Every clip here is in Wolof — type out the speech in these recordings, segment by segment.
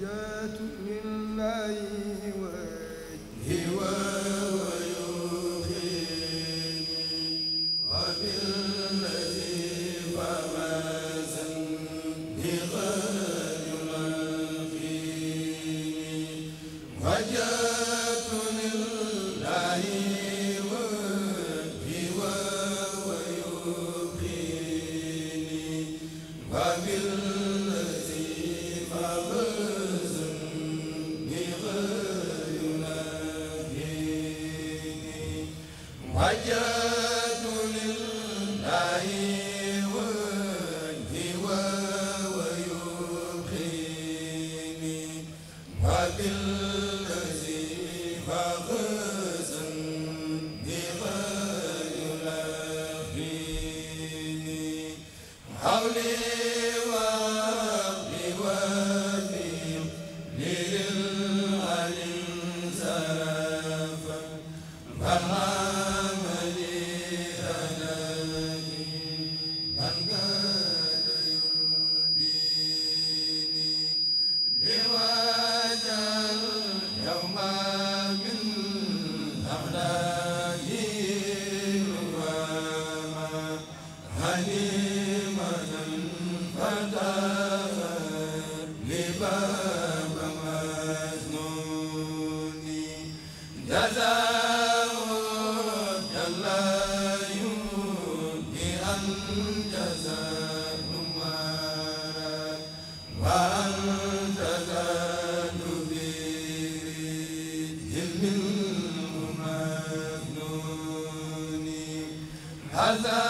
تحيات من الله hawli Allah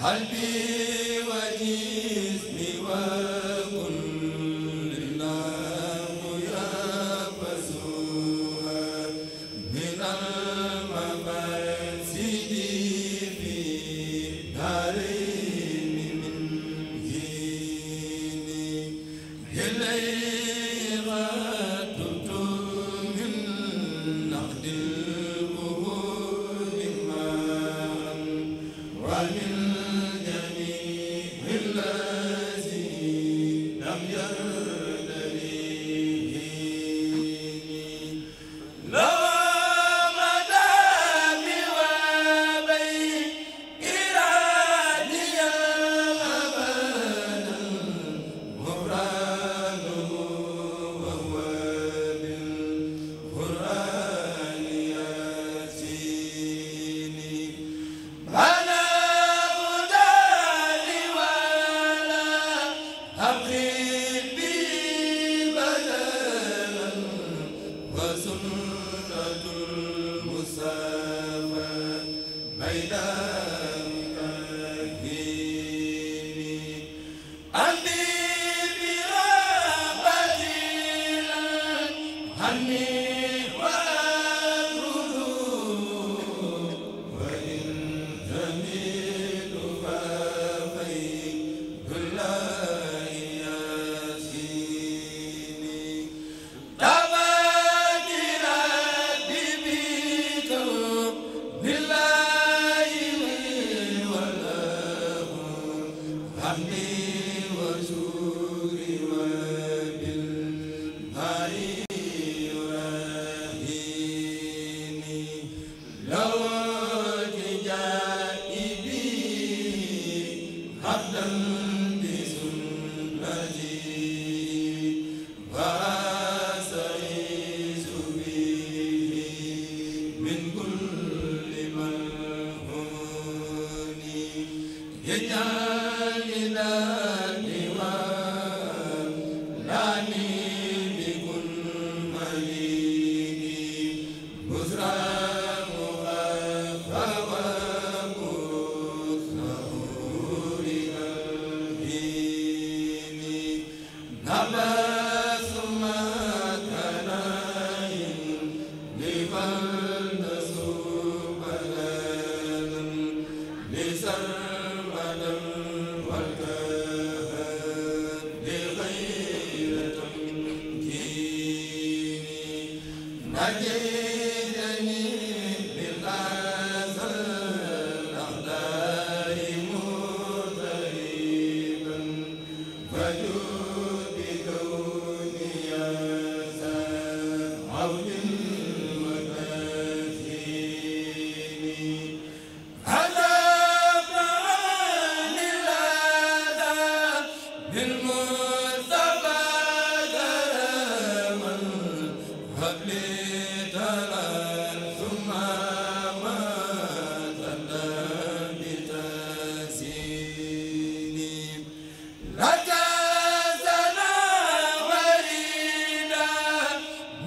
qalbi wa yéen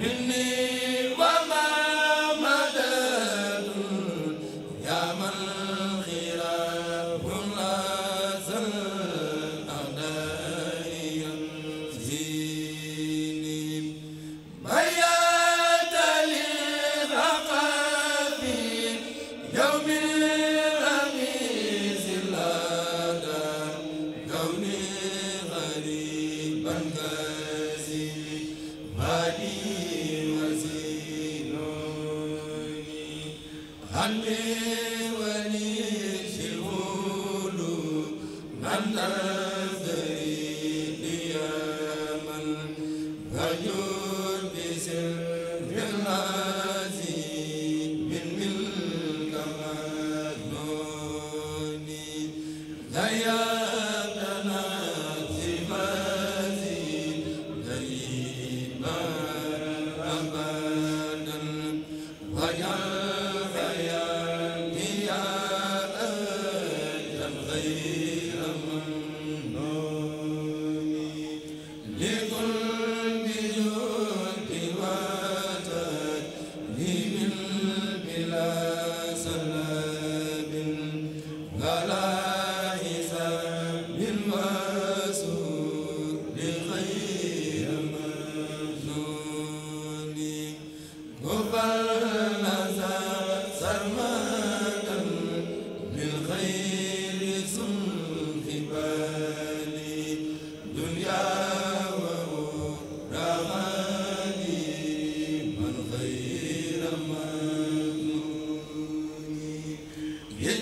inni xale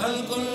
al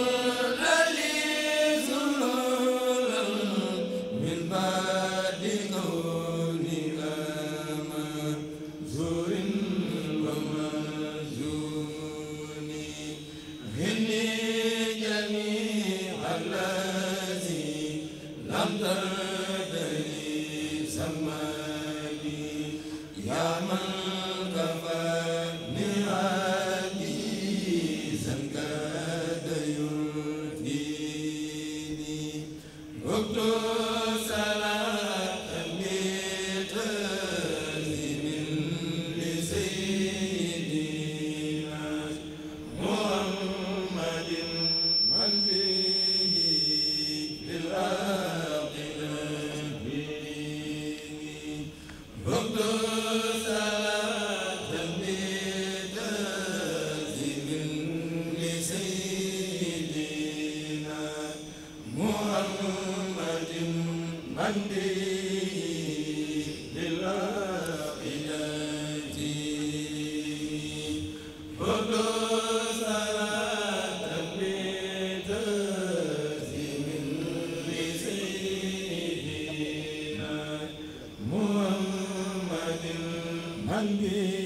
bi